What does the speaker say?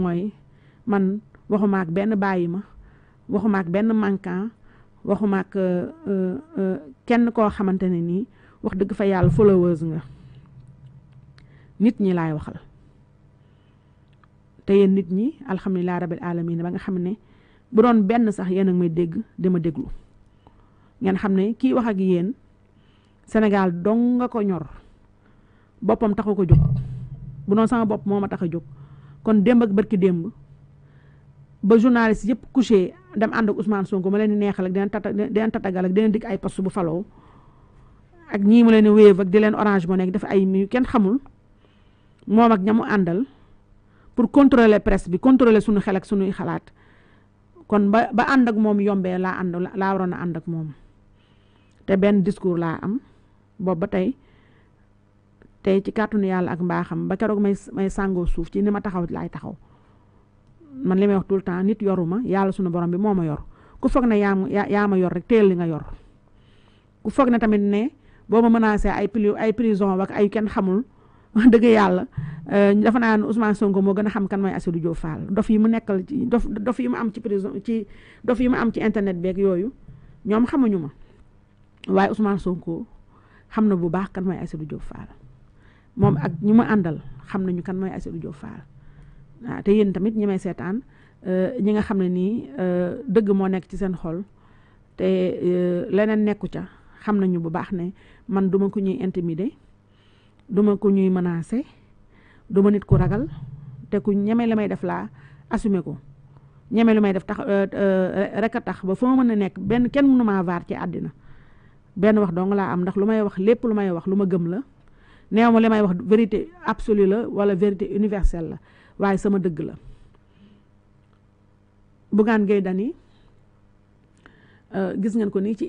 mooy man waxuma ak benn bàyyi ma waxumaak benn manquant waxumaak euh, euh, euh, kenn koo xamante ne nii wax dëgg fa yàlla followers nga nit ñi laay waxal te yéen nit ñi alhamdulilah rabil alamin ba nga xam ne bu doon benn sax yéen a ngi may dégg dama déglu ngeen xam ne kii wax ak yéen Sénégal dong nga ko ñor boppam taxu ko jóg bu doon sama bopp moo ma tax a jóg kon demb ak barki demb ba journaliste yépp couché dem ànd ak Ousmane Sonko ma leen neexal ak tata galak, tatagal ak dinañ dig ay poste bu faloo ak ñii mu leen wéev ak di leen orange mo nekk dafa ay mi kenn xamul moom ak ñamu àndal pour contrôler presse bi contrôler sunu xel ak sunuy xalaat kon ba ba ànd ak moom yombee laa ànd laa waroon a ànd ak moom te benn discours laa am boobu ba tey ci kàttanu yàlla ak mbaaxam ba keroog may may sàngoo suuf ci ni ma taxaw laay taxaw man li may wax tout le temps nit yoruma yàlla suñu borom bi moo ma yor ku foog ne yaa yaa ma yor rek teel li nga yor ku foog na tamit ne boo ma menacé ay pli ay prison ak ay kenn xamul dëgg yàlla euh, dafa naan Ousmane Sonko moo gën a xam kan mooy Assirou Diop Fall dof yi mu nekkal ci dof dof yi mu am ci prison ci dof yi mu am ci internet beeg yooyu ñoom xamuñu ma waaye Ousmane Sonko xam na bu baax kan mooy Assirou Diop Fall moom ak ñu ma àndal xam nañu kan mooy Aïssatou Diop Fall waaw te yéen tamit ñi may seetaan euh, ñi nga xam ne nii euh, dëgg moo nekk ci seen xol te euh, leneen nekku ca xam nañu bu baax ne man duma ko ñuy intimider duma ko ñuy menacer duma nit ku ragal te ku ñeme la may def laa assumer ko ñeme lu may def tax rek a tax ba foo mën a nekk benn kenn mënuma maa vaar ci àddina benn wax dong laa am ndax lu may wax lépp lu may wax lu ma gëm la neew ma li may wax vérité absolue la wala vérité universelle la waaye sama dëgg la Bougane Gueye dani euh, gis ngeen ko nii ci